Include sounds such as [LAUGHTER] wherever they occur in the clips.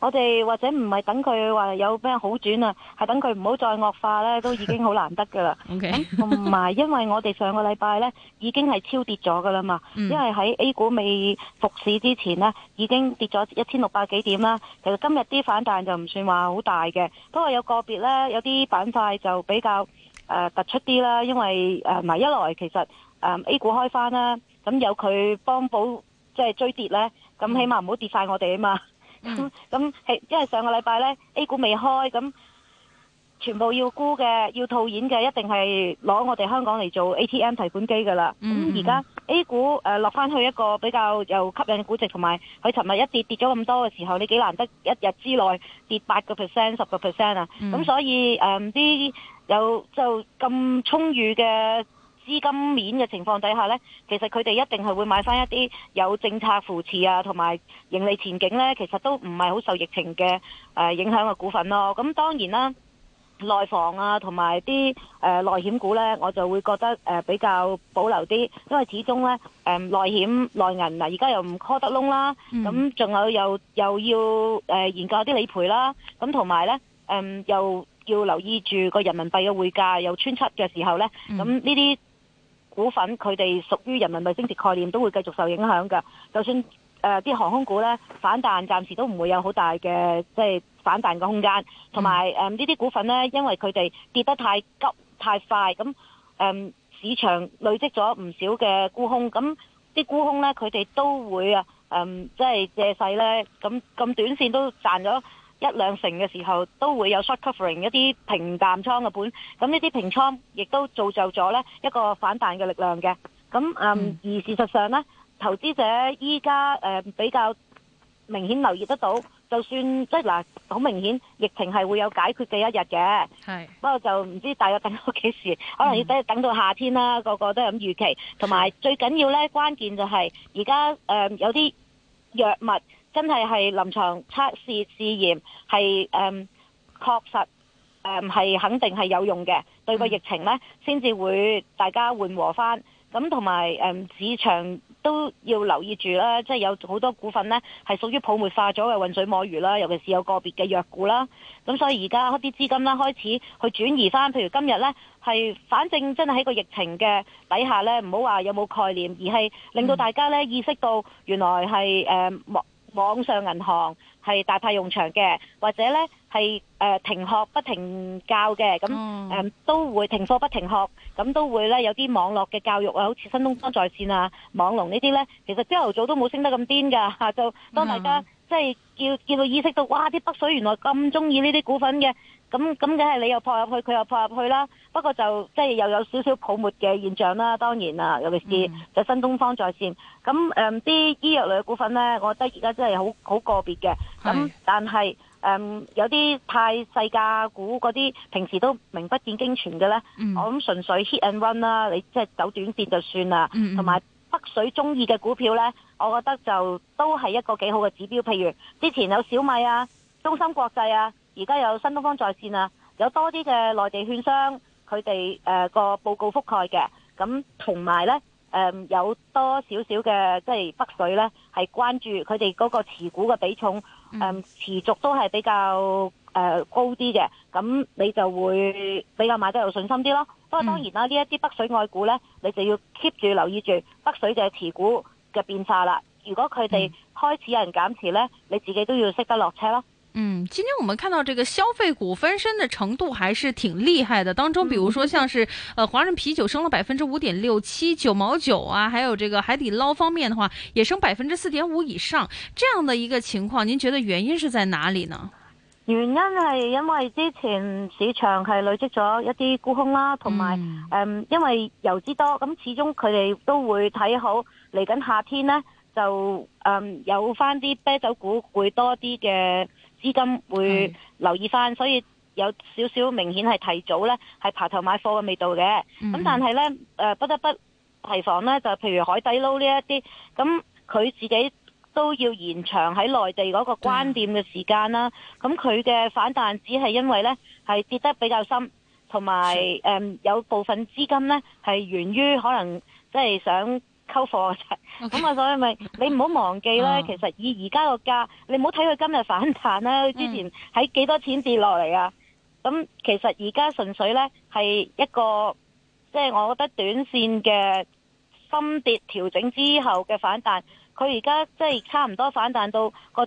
我哋或者唔係等佢話有咩好轉啊，係等佢唔好再惡化呢，都已經好難得噶啦。同埋 Okay. [LAUGHS] 因為我哋上個禮拜呢已經係超跌咗噶啦嘛。Mm. 因為喺 A 股未復市之前呢已經跌咗一千六百幾點啦。其實今日啲反彈就唔算話好大嘅，不過有個別呢，有啲板塊就比較誒、呃、突出啲啦。因為誒唔一來，其實誒、呃、A 股開翻啦，咁有佢幫補即係追跌呢，咁起碼唔好跌晒我哋啊嘛。咁係 Yeah.，因為上個禮拜呢 A 股未開，咁全部要沽嘅、要套現嘅，一定係攞我哋香港嚟做 ATM 提款機噶啦。咁而家 A 股誒、呃、落翻去一個比較有吸引嘅估值，同埋佢尋日一跌跌咗咁多嘅時候，你幾難得一日之內跌八個 percent、十個 percent 啊。咁、mm hmm. 所以誒啲、呃、有就咁充裕嘅。資金面嘅情況底下呢，其實佢哋一定係會買翻一啲有政策扶持啊，同埋盈利前景呢，其實都唔係好受疫情嘅誒、呃、影響嘅股份咯、啊。咁當然啦，內房啊，同埋啲誒內險股呢，我就會覺得誒、呃、比較保留啲，因為始終呢誒、呃、內險內銀嗱，而家又唔 call 得窿啦，咁仲、嗯、有又又要誒、呃、研究啲理賠啦，咁同埋呢誒、呃、又要留意住個人民幣嘅匯價又穿七嘅時候咧，咁呢啲。股份佢哋屬於人民幣升值概念，都會繼續受影響㗎。就算誒啲、呃、航空股呢，反彈，暫時都唔會有好大嘅即係反彈嘅空間。同埋誒呢啲股份呢，因為佢哋跌得太急太快，咁誒、呃、市場累積咗唔少嘅沽空，咁啲沽空呢，佢哋都會啊誒即係借勢呢，咁咁短線都賺咗。一兩成嘅時候都會有 short covering 一啲平淡倉嘅本，咁呢啲平倉亦都造就咗呢一個反彈嘅力量嘅。咁嗯，嗯而事實上呢，投資者依家、呃、比較明顯留意得到，就算即係嗱，好、即係呃、明顯疫情係會有解決嘅一日嘅。是不過就唔知大概等到幾時，可能要等等到夏天啦。個、嗯、個都係咁預期，同埋最緊要呢是關鍵就係而家有啲藥物。真係係臨床測試試驗係誒、嗯、確實誒係、嗯、肯定係有用嘅，對個疫情呢，先至會大家緩和翻。咁同埋誒市場都要留意住啦，即係有好多股份呢，係屬於泡沫化咗嘅混水摸魚啦，尤其是有個別嘅弱股啦。咁所以而家啲資金啦，開始去轉移翻，譬如今日呢，係反正真係喺個疫情嘅底下呢，唔好話有冇概念，而係令到大家呢意識到原來係網上銀行係大派用場嘅，或者呢係誒、呃、停學不停教嘅，咁誒、呃、都會停課不停學，咁都會呢，有啲網絡嘅教育啊、好似新東方在線啊、網龍呢啲呢，其實朝頭早都冇升得咁癲噶吓，就當大家即係叫叫佢意識到，哇！啲北水原來咁中意呢啲股份嘅。咁咁梗係你又破入去，佢又破入去啦。不過就即係又有少少泡沫嘅現象啦。當然啦，尤其是就新東方在線。咁啲、嗯、醫藥類嘅股份呢，我覺得而家真係好好個別嘅。咁的但係、嗯、有啲太細價股嗰啲，平時都名不見經傳嘅呢，嗯、我諗純粹 hit and run 啦，你即係走短線就算啦。同埋、嗯嗯、北水中意嘅股票呢，我覺得就都係一個幾好嘅指標。譬如之前有小米啊、中芯國際啊。而家有新東方在線啊，有多啲嘅內地券商佢哋誒個報告覆蓋嘅，咁同埋呢，誒、呃、有多少少嘅即係北水呢，係關注佢哋嗰個持股嘅比重、呃，持續都係比較誒、呃、高啲嘅，咁你就會比較買得有信心啲咯。不過當然啦、啊，呢一啲北水愛股呢，你就要 keep 住留意住北水嘅持股嘅變化啦。如果佢哋開始有人減持呢，你自己都要識得落車咯。嗯，今天我們看到這個消費股翻身的程度還是挺厲害的，當中，比如說像是，嗯、呃，華潤啤酒升了百分之五點六七九毛九啊，還有這個海底撈方面的話，也升百分之四點五以上，這樣的一個情況，您覺得原因是在哪裏呢？原因係因為之前市場係累積咗一啲沽空啦，同埋，嗯，嗯，因為遊資多，咁始終佢哋都會睇好，嚟緊夏天咧就，嗯，有翻啲啤酒股會多啲嘅。資金會留意返，是所以有少少明顯係提早呢，係爬頭買貨嘅味道嘅。咁、嗯、但係呢，誒、呃、不得不提防呢，就譬如海底撈呢一啲，咁佢自己都要延長喺內地嗰個關店嘅時間啦。咁佢嘅反彈只係因為呢，係跌得比較深，同埋誒有部分資金呢，係源於可能即係想。溝貨啊！咁、就、啊、是，Okay. 所以咪你唔好忘記咧。Uh. 其實以而家個價，你唔好睇佢今日反彈啦、啊。佢之前喺幾多錢跌落嚟啊？咁、uh. 其實而家純粹咧係一個，即、就、係、是、我覺得短線嘅深跌調整之後嘅反彈。佢而家即係差唔多反彈到個。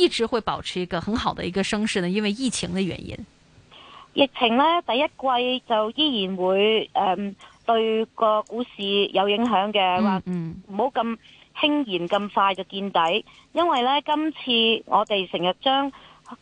一直會保持一個很好的一個升勢呢，因為疫情嘅原因。疫情呢，第一季就依然會誒、嗯、對個股市有影響嘅，話唔好咁輕言咁快就見底，因為呢，今次我哋成日將，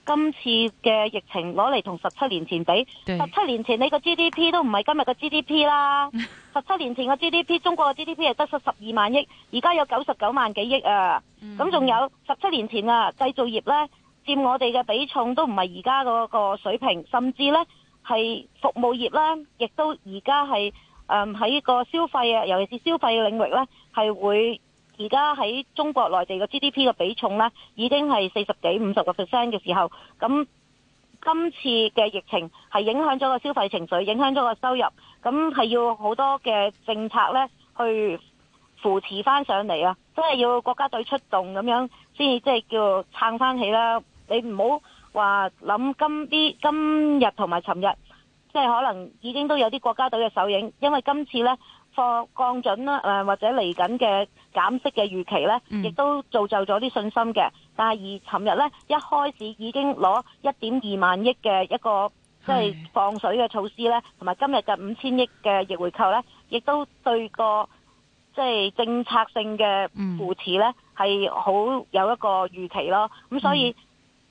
今次嘅疫情攞嚟同十七年前比，十七對年前你個 GDP 都唔係今日個 GDP 啦。十七 [LAUGHS] 年前個 GDP，中國個 GDP 係得十十二萬億，而家有九十九萬幾億啊。咁仲有十七年前啊，製造業咧佔我哋嘅比重都唔係而家嗰個水平，甚至咧係服務業呢，亦都而家係誒喺個消費啊，尤其是消費嘅領域咧，係會。而家喺中國內地個 GDP 嘅比重呢，已經係四十幾五十個 percent 嘅時候，咁今次嘅疫情係影響咗個消費情緒，影響咗個收入，咁係要好多嘅政策呢去扶持翻上嚟啊！即係要國家隊出動咁樣，先至即係叫撐翻起啦。你唔好話諗今啲今日同埋尋日，即係可能已經都有啲國家隊嘅首映，因為今次呢。放降準啦，誒或者嚟緊嘅減息嘅預期咧，亦都造就咗啲信心嘅。但係而尋日咧，一開始已經攞一點二萬億嘅一個即係、就是、放水嘅措施咧，同埋是今日嘅五千億嘅逆回購咧，亦都對個即係政策性嘅扶持咧係好有一個預期咯。咁所以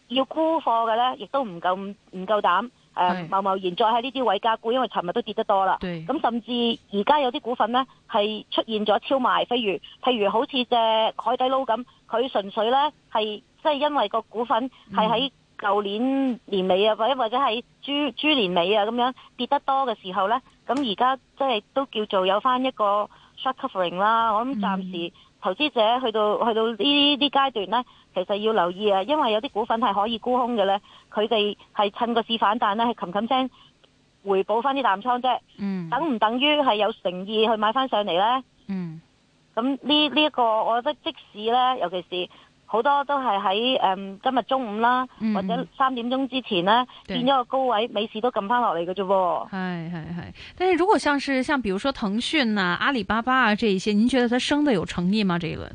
要沽貨嘅咧，亦都唔夠唔夠膽。誒，貿貿、呃、然再喺呢啲位加股，因為尋日都跌得多啦。咁對甚至而家有啲股份呢，係出現咗超賣，譬如。譬如好似隻海底撈咁，佢純粹呢，係即係因為個股份係喺舊年年尾啊，或或者喺豬豬年尾啊咁樣跌得多嘅時候呢。咁而家即係都叫做有返一個 short covering 啦。我諗暫時。投資者去到去到呢啲階段呢，其實要留意啊，因為有啲股份係可以沽空嘅呢，佢哋係趁個市反彈呢，係冚冚聲回補返啲淡倉啫。嗯，等唔等於係有誠意去買返上嚟呢？嗯，咁呢呢一個，我覺得即使呢，尤其是。好多都係喺誒今日中午啦，嗯、或者三點鐘之前呢，對見咗個高位，尾市都撳翻落嚟嘅啫。係係係。但係如果像是，像比如說騰訊啊、阿里巴巴啊這一些，您覺得它升得有誠意嗎？這一輪？誒、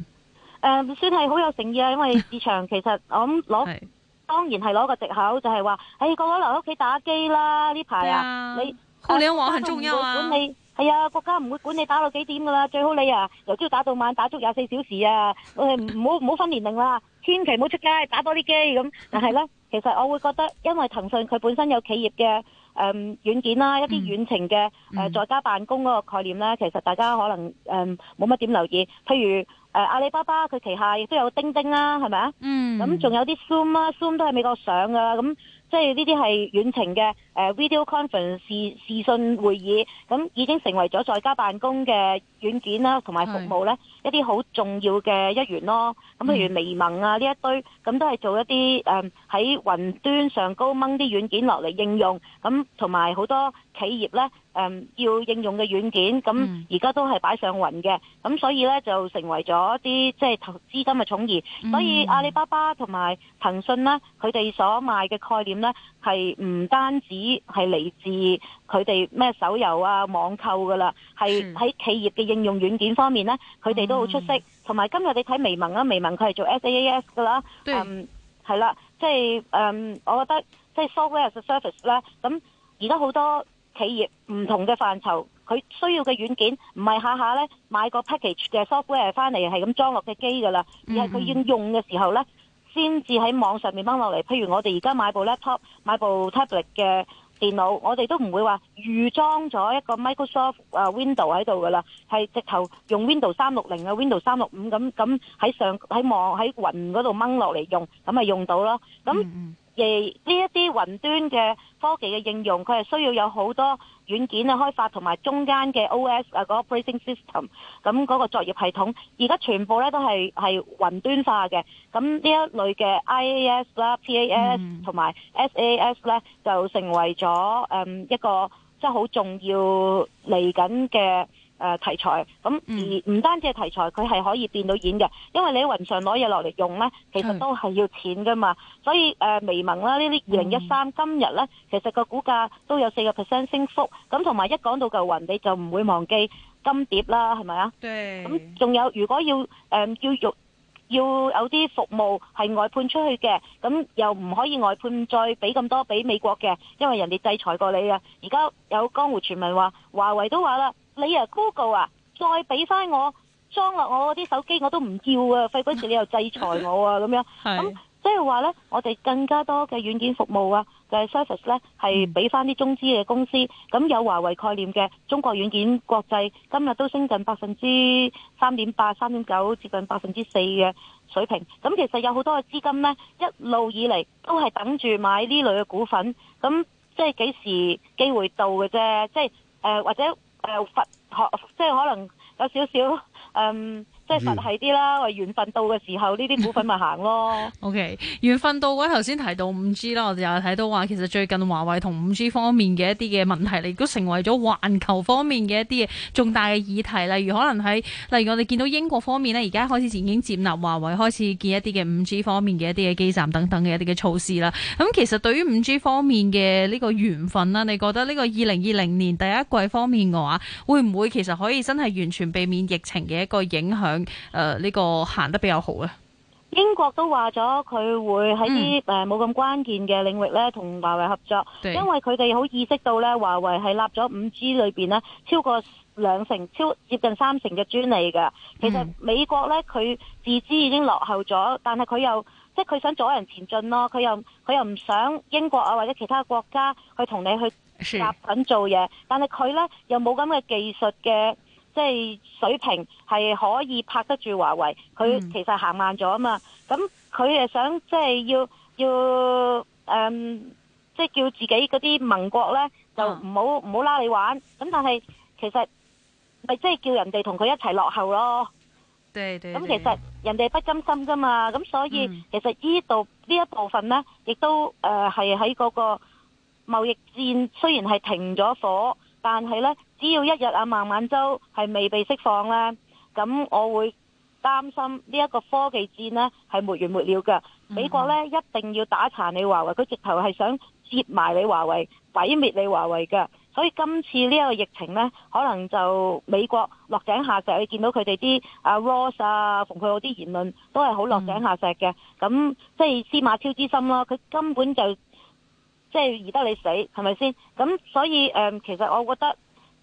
嗯，算係好有誠意啊，因為市場其實我諗攞、 [LAUGHS] 嗯，當然係攞個藉口就，就係話，誒個個留屋企打機啦，呢排啊，啊你互聯網很重要啊。啊係啊，國家唔會管你打到幾點噶啦，最好你啊由朝打到晚，打足廿四小時啊！我哋唔好唔好分年齡啦，千祈唔好出街，打多啲機咁。但係呢，其實我會覺得，因為騰訊佢本身有企業嘅誒軟件啦，一啲遠程嘅誒、呃、在家辦公嗰個概念呢，嗯、其實大家可能誒冇乜點留意。譬如誒、呃、阿里巴巴佢旗下亦都有釘釘啦，係咪、嗯嗯、啊？嗯。咁仲有啲 Zoom 啦，Zoom 都係美國上噶啦咁。即係呢啲係遠程嘅誒 video conference 視訊會議，咁已經成為咗在家辦公嘅。軟件啦，同埋服務呢，的一啲好重要嘅一員咯。咁譬如微盟啊，呢一堆咁都係做一啲誒喺雲端上高掹啲軟件落嚟應用。咁同埋好多企業呢，誒、嗯、要應用嘅軟件，咁而家都係擺上雲嘅。咁所以呢，就成為咗啲即係投資金嘅寵兒。所以阿里巴巴同埋騰訊咧，佢哋所賣嘅概念呢，係唔單止係嚟自佢哋咩手遊啊、網購噶啦，係喺是企業嘅應用軟件方面咧，佢哋都好出色。同埋、嗯、今日你睇微盟啊，微盟佢係做 SaaS 噶啦，嗯係啦，即係誒，就是 um, 我覺得即係、就是、software as a service 咧。咁而家好多企業唔同嘅範疇，佢需要嘅軟件唔係下下咧買個 package 嘅 software 翻嚟係咁裝落隻機噶啦，而係佢要用嘅時候咧。嗯嗯先至喺網上面掹落嚟，譬如我哋而家買部 laptop，買部 tablet 嘅電腦，我哋都唔會話預裝咗一個 Microsoft Window 喺度噶啦，係直頭用 Windows 三六零啊 Windows 三六五，咁咁喺上喺網喺雲嗰度掹落嚟用，咁咪用到咯。咁而呢一啲雲端嘅科技嘅應用，佢係需要有好多軟件嘅開發同埋中間嘅 OS 啊，嗰個 Operating System，咁嗰個作業系統，而家全部咧都係係雲端化嘅，咁呢一類嘅 IaaS 啦、嗯、PaaS 同埋 SaaS 咧，就成為咗誒、嗯、一個即係好重要嚟緊嘅。誒題材咁，而唔單止係題材，佢、嗯、係可以變到演嘅，因為你喺雲上攞嘢落嚟用呢，其實都係要錢噶嘛。所以誒、呃，微盟啦呢啲二零一三今日呢，其實個股價都有四個 percent 升幅。咁同埋一講到嚿雲，你就唔會忘記金蝶啦，係咪啊？咁仲對有如果要、呃、要要，要有啲服務係外判出去嘅，咁又唔可以外判再俾咁多俾美國嘅，因為人哋制裁過你啊。而家有江湖傳聞話，華為都話啦。你啊，Google 啊，再俾翻我裝落我嗰啲手機，我都唔要啊！費鬼事，你又制裁我啊！咁樣咁，即係話呢，我哋更加多嘅軟件服務啊嘅、就係、service 呢，係俾翻啲中資嘅公司。咁有華為概念嘅中國軟件國際今日都升近百分之三點八、三點九，接近百分之四嘅水平。咁其實有好多嘅資金呢，一路以嚟都係等住買呢類嘅股份，咁即係幾時機會到嘅啫？即係誒，或者。誒、呃、佛學即係可能有少少嗯。即係實際啲啦，話緣、嗯、分到嘅時候，呢啲股份咪行咯。O K，緣分到嘅話，頭先提到五 G 啦，我哋又睇到話，其實最近華為同五 G 方面嘅一啲嘅問題，亦都成為咗環球方面嘅一啲嘅重大嘅議題。例如可能喺，例如我哋見到英國方面呢，而家開始已經接納華為開始建一啲嘅五 G 方面嘅一啲嘅基站等等嘅一啲嘅措施啦。咁其實對於五 G 方面嘅呢個緣分啦，你覺得呢個二零二零年第一季方面嘅話，會唔會其實可以真係完全避免疫情嘅一個影響？誒，呢、呃，這個行得比較好咧。英國都話咗佢會喺啲誒冇咁關鍵嘅領域咧，同、嗯、華為合作，對因為佢哋好意識到咧，華為係立咗五 G 裏邊咧超過兩成、超接近三成嘅專利嘅。其實美國咧，佢自知已經落後咗，但係佢又即係佢想阻人前進咯。佢又佢又唔想英國啊或者其他國家去同你去夾緊是做嘢，但係佢咧又冇咁嘅技術嘅。即係水平係可以拍得住華為，佢其實行慢咗啊嘛。咁佢係想即係、就是、要要誒，即、嗯、係、就是、叫自己嗰啲盟國咧就唔好唔好拉你玩。咁但係其實咪即係叫人哋同佢一齊落後咯。對，對對。咁其實人哋不甘心噶嘛。咁所以其實呢度呢一部分咧，亦都誒係喺個貿易戰雖然係停咗火。但係呢，只要一日阿、啊、孟晚舟係未被釋放呢，咁我會擔心呢一個科技戰呢係沒完沒了嘅。美國呢一定要打殘你華為，佢直頭係想摺埋你華為，毀滅你華為嘅。所以今次呢一個疫情呢，可能就美國落井下石，你見到佢哋啲阿 Ross 啊，蓬佩奧嗰啲言論都係好落井下石嘅。咁、嗯、即係司馬昭之心咯，佢根本就。即係宜得你死，係咪先？咁所以誒、嗯，其實我覺得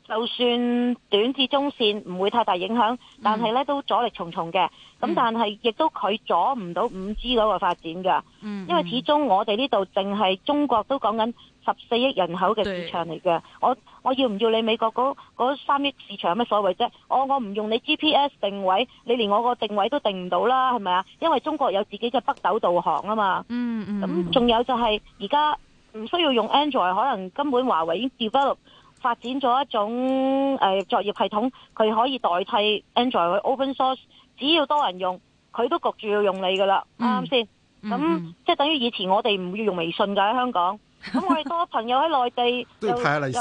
就算短至中線唔會太大影響，但係咧都阻力重重嘅。咁、嗯、但係亦都佢阻唔到五 G 嗰個發展嘅、嗯。嗯，因為始終我哋呢度淨係中國都講緊十四億人口嘅市場嚟嘅。對。我我要唔要你美國嗰嗰三億市場有咩所謂啫、哦？我我唔用你 GPS 定位，你連我個定位都定唔到啦，係咪啊？因為中國有自己嘅北斗導航啊嘛。嗯嗯。咁、嗯、仲有就係而家。唔需要用 Android，可能根本華為已經 develop 發展咗一種誒、呃、作業系統，佢可以代替 Android 去 open source。只要多人用，佢都焗住要用你噶啦，啱唔啱先？咁即係等於以前我哋唔要用微信噶喺香港，咁我哋多朋友喺內地 [LAUGHS] 就都要派下利是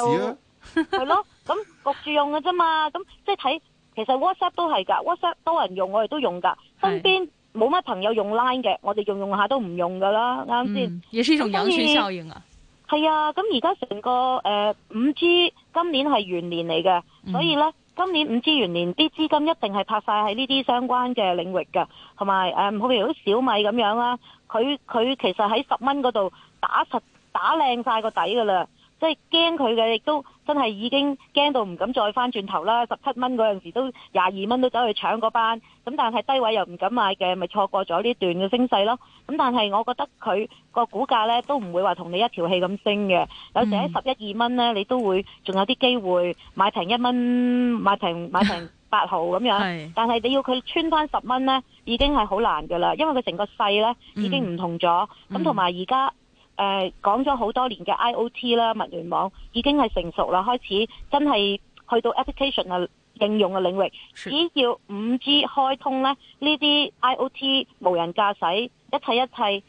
係咯。咁焗住用㗎啫嘛，咁即係睇，其實 WhatsApp 都係噶，WhatsApp 多人用我哋都用噶，的身邊。冇乜朋友用 Line 嘅，我哋用用下都唔用㗎啦，啱先、嗯。後也是一種羊群效應啊。係啊，咁而家成個誒五、呃、G 今年係元年嚟嘅，嗯、所以呢，今年五 G 元年啲資金一定係拍晒喺呢啲相關嘅領域嘅，同埋誒，譬、呃、如好小米咁樣啦，佢佢其實喺十蚊嗰度打實打靚晒個底㗎喇。即係驚佢嘅，亦都真係已經驚到唔敢再返轉頭啦！十七蚊嗰陣時都廿二蚊都走去搶嗰班，咁但係低位又唔敢買嘅，咪錯過咗呢段嘅升勢咯。咁但係我覺得佢個股價呢，都唔會話同你一條氣咁升嘅。有時喺十一二蚊呢，你都會仲有啲機會買平一蚊，買平買平八毫咁樣。 [LAUGHS] 是 但係你要佢穿翻十蚊呢，已經係好難噶啦，因為佢成個勢呢，已經唔同咗。咁同埋而家。誒，講咗好多年嘅 IOT 啦，物聯網已經係成熟啦，開始真係去到 application 應用嘅領域。只要五 G 開通呢，呢啲 IOT、無人駕駛，一切一切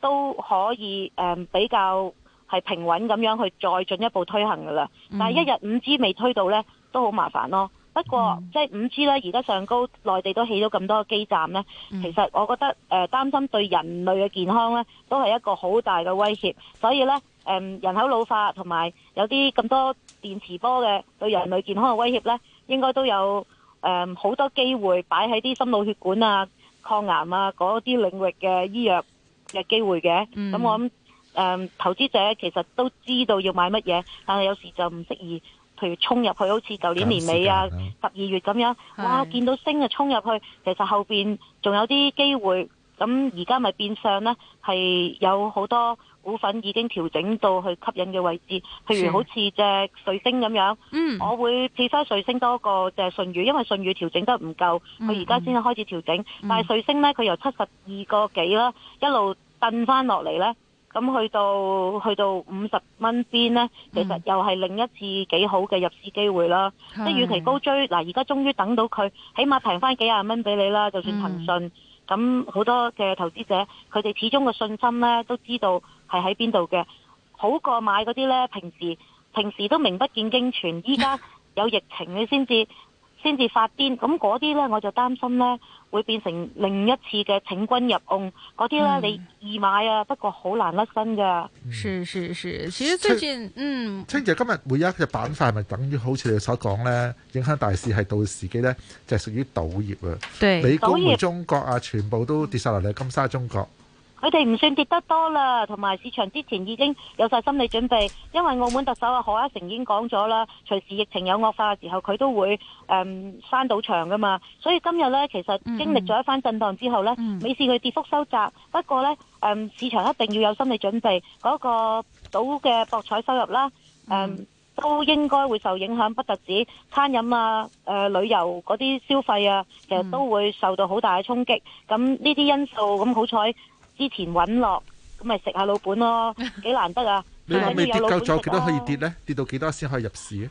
都可以誒、呃、比較係平穩咁樣去再進一步推行噶啦。嗯、但係一日五 G 未推到呢，都好麻煩咯。不過，嗯、即係五 G 呢，而家上高內地都起咗咁多基站呢。嗯、其實我覺得誒擔、呃、心對人類嘅健康呢，都係一個好大嘅威脅。所以呢，誒、呃、人口老化同埋有啲咁多電磁波嘅對人類健康嘅威脅呢，應該都有誒好、呃、多機會擺喺啲心腦血管啊、抗癌啊嗰啲領域嘅醫藥嘅機會嘅。咁、嗯、我諗誒、呃、投資者其實都知道要買乜嘢，但係有時就唔適宜。譬如衝入去，好似舊年年尾啊、十二月咁樣，的哇！見到升就衝入去，其實後面仲有啲機會。咁而家咪變相呢，係有好多股份已經調整到去吸引嘅位置。譬如好似隻瑞聲咁樣，嗯的，我會 prefer 瑞聲多過誒舜宇，因為舜宇調整得唔夠，佢而家先開始調整。的但係瑞聲呢，佢由七十二個幾啦，一路掙翻落嚟呢。咁去到去到五十蚊邊呢，其實又係另一次幾好嘅入市機會啦。Mm. 即係與其高追，嗱，而家終於等到佢，起碼平翻幾廿蚊俾你啦。就算騰訊，咁好、mm. 多嘅投資者，佢哋始終嘅信心呢，都知道係喺邊度嘅，好過買嗰啲呢，平時平時都名不見經傳，依家有疫情你先至。先至發癲，咁嗰啲呢，我就擔心呢會變成另一次嘅請君入甕，嗰啲呢，嗯、你易買啊，不過好難甩身噶。是是是，其實最近清嗯，清姐今日每一隻板塊，咪等於好似你所講呢，影響大市係到時機呢，就是、屬於賭業啊。你估對以中國啊，全部都跌晒落嚟，金沙中國。佢哋唔算跌得多啦，同埋市場之前已經有曬心理準備，因為澳門特首啊賀一誠已經講咗啦，隨時疫情有惡化嘅時候，佢都會誒、嗯、閂賭場㗎嘛。所以今日呢，其實經歷咗一番震盪之後呢，每次佢跌幅收窄，嗯、不過呢誒、嗯、市場一定要有心理準備，嗰、那個賭嘅博彩收入啦，誒、嗯嗯、都應該會受影響，不特止餐飲啊、呃、旅遊嗰啲消費啊，其實都會受到好大嘅衝擊。咁呢啲因素，咁好彩。之前揾落，咁咪食下老本咯，幾難得啊！你話未跌夠咗幾多可以跌咧？跌到幾多先可以入市啊？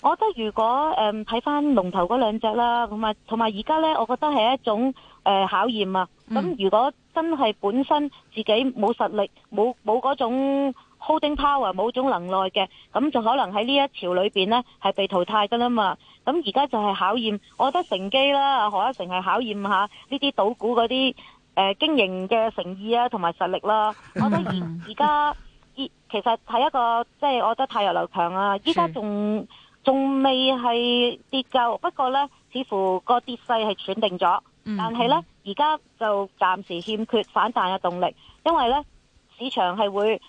我覺得如果誒睇翻龍頭嗰兩隻啦，同埋同埋而家咧，我覺得係一種誒考驗啊！咁如果真係本身自己冇實力、冇冇嗰種 holding power、冇種能耐嘅，咁就可能喺呢一潮裏邊咧係被淘汰噶啦嘛！咁而家就係考驗，我覺得乘機啦，何一成係考驗下呢啲賭股嗰啲。誒經營嘅誠意啊，同埋實力啦。我覺得而家依其實係一個即係，我覺得汰弱留強啊。依家仲仲未係跌夠，不過呢，似乎個跌勢係斷定咗。但係呢，而家就暫時欠缺反彈嘅動力，因為呢市場係會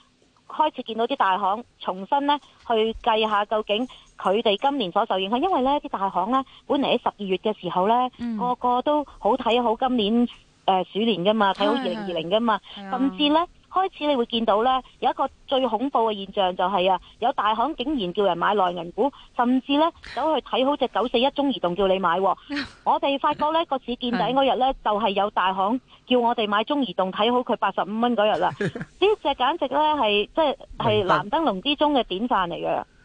開始見到啲大行重新呢去計下究竟佢哋今年所受影響，因為呢啲大行呢，本嚟喺十二月嘅時候呢，個個都好睇好今年。誒鼠、呃、年嘅嘛，睇好二零二零嘅嘛，哎、呀甚至呢，開始，你會見到呢，有一個最恐怖嘅現象就、啊，就係啊有大行竟然叫人買內銀股，甚至呢走去睇好隻九四一中移動叫你買、啊。 [LAUGHS] 我哋發覺呢個市見底嗰日呢，就係、是、有大行叫我哋買中移動，睇好佢八十五蚊嗰日啦。呢隻 [LAUGHS] 簡直呢，係即係藍燈籠之中嘅典範嚟嘅。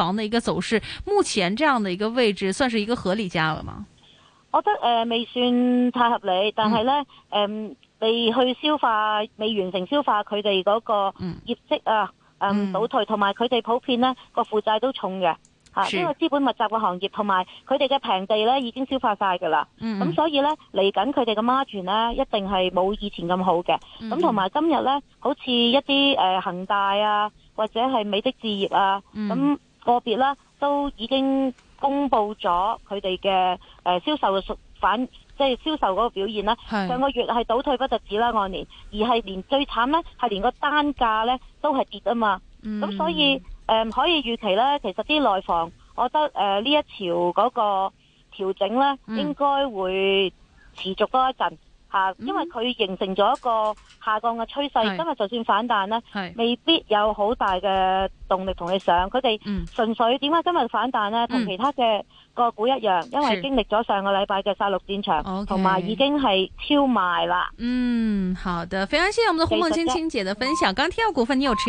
房嘅一個走勢，目前這樣的一個位置，算是一個合理價位嗎？我覺得誒未算太合理，嗯、但係呢，誒、呃、未去消化，未完成消化佢哋嗰個業績啊，嗯，嗯倒退，同埋佢哋普遍呢個負債都重嘅吓，呢是個資本密集嘅行業，同埋佢哋嘅平地呢已經消化晒噶啦，咁、嗯、所以呢，嚟緊佢哋嘅 margin 呢，一定係冇以前咁好嘅，咁同埋今日呢，好似一啲誒、呃、恒大啊，或者係美的置業啊，咁、嗯。個別啦都已經公布咗佢哋嘅誒銷售嘅反，即係銷售嗰個表現啦。是上個月係倒退不就止啦，按年，而係連最慘呢，係連個單價呢都係跌啊嘛。咁、嗯、所以誒、呃、可以預期呢，其實啲內房，我覺得誒呢、呃、一朝嗰個調整呢，應該會持續多一陣。啊、因為佢形成咗一個下降嘅趨勢，是今日就算反彈呢，是未必有好大嘅動力同你上。佢哋純粹點解今日反彈呢？同、嗯、其他嘅個股一樣，因為經歷咗上個禮拜嘅殺戮戰場，同埋是已經係超賣啦。嗯，好的，非常謝謝我們的胡夢清姐的分享。鋼鐵股份你有持有？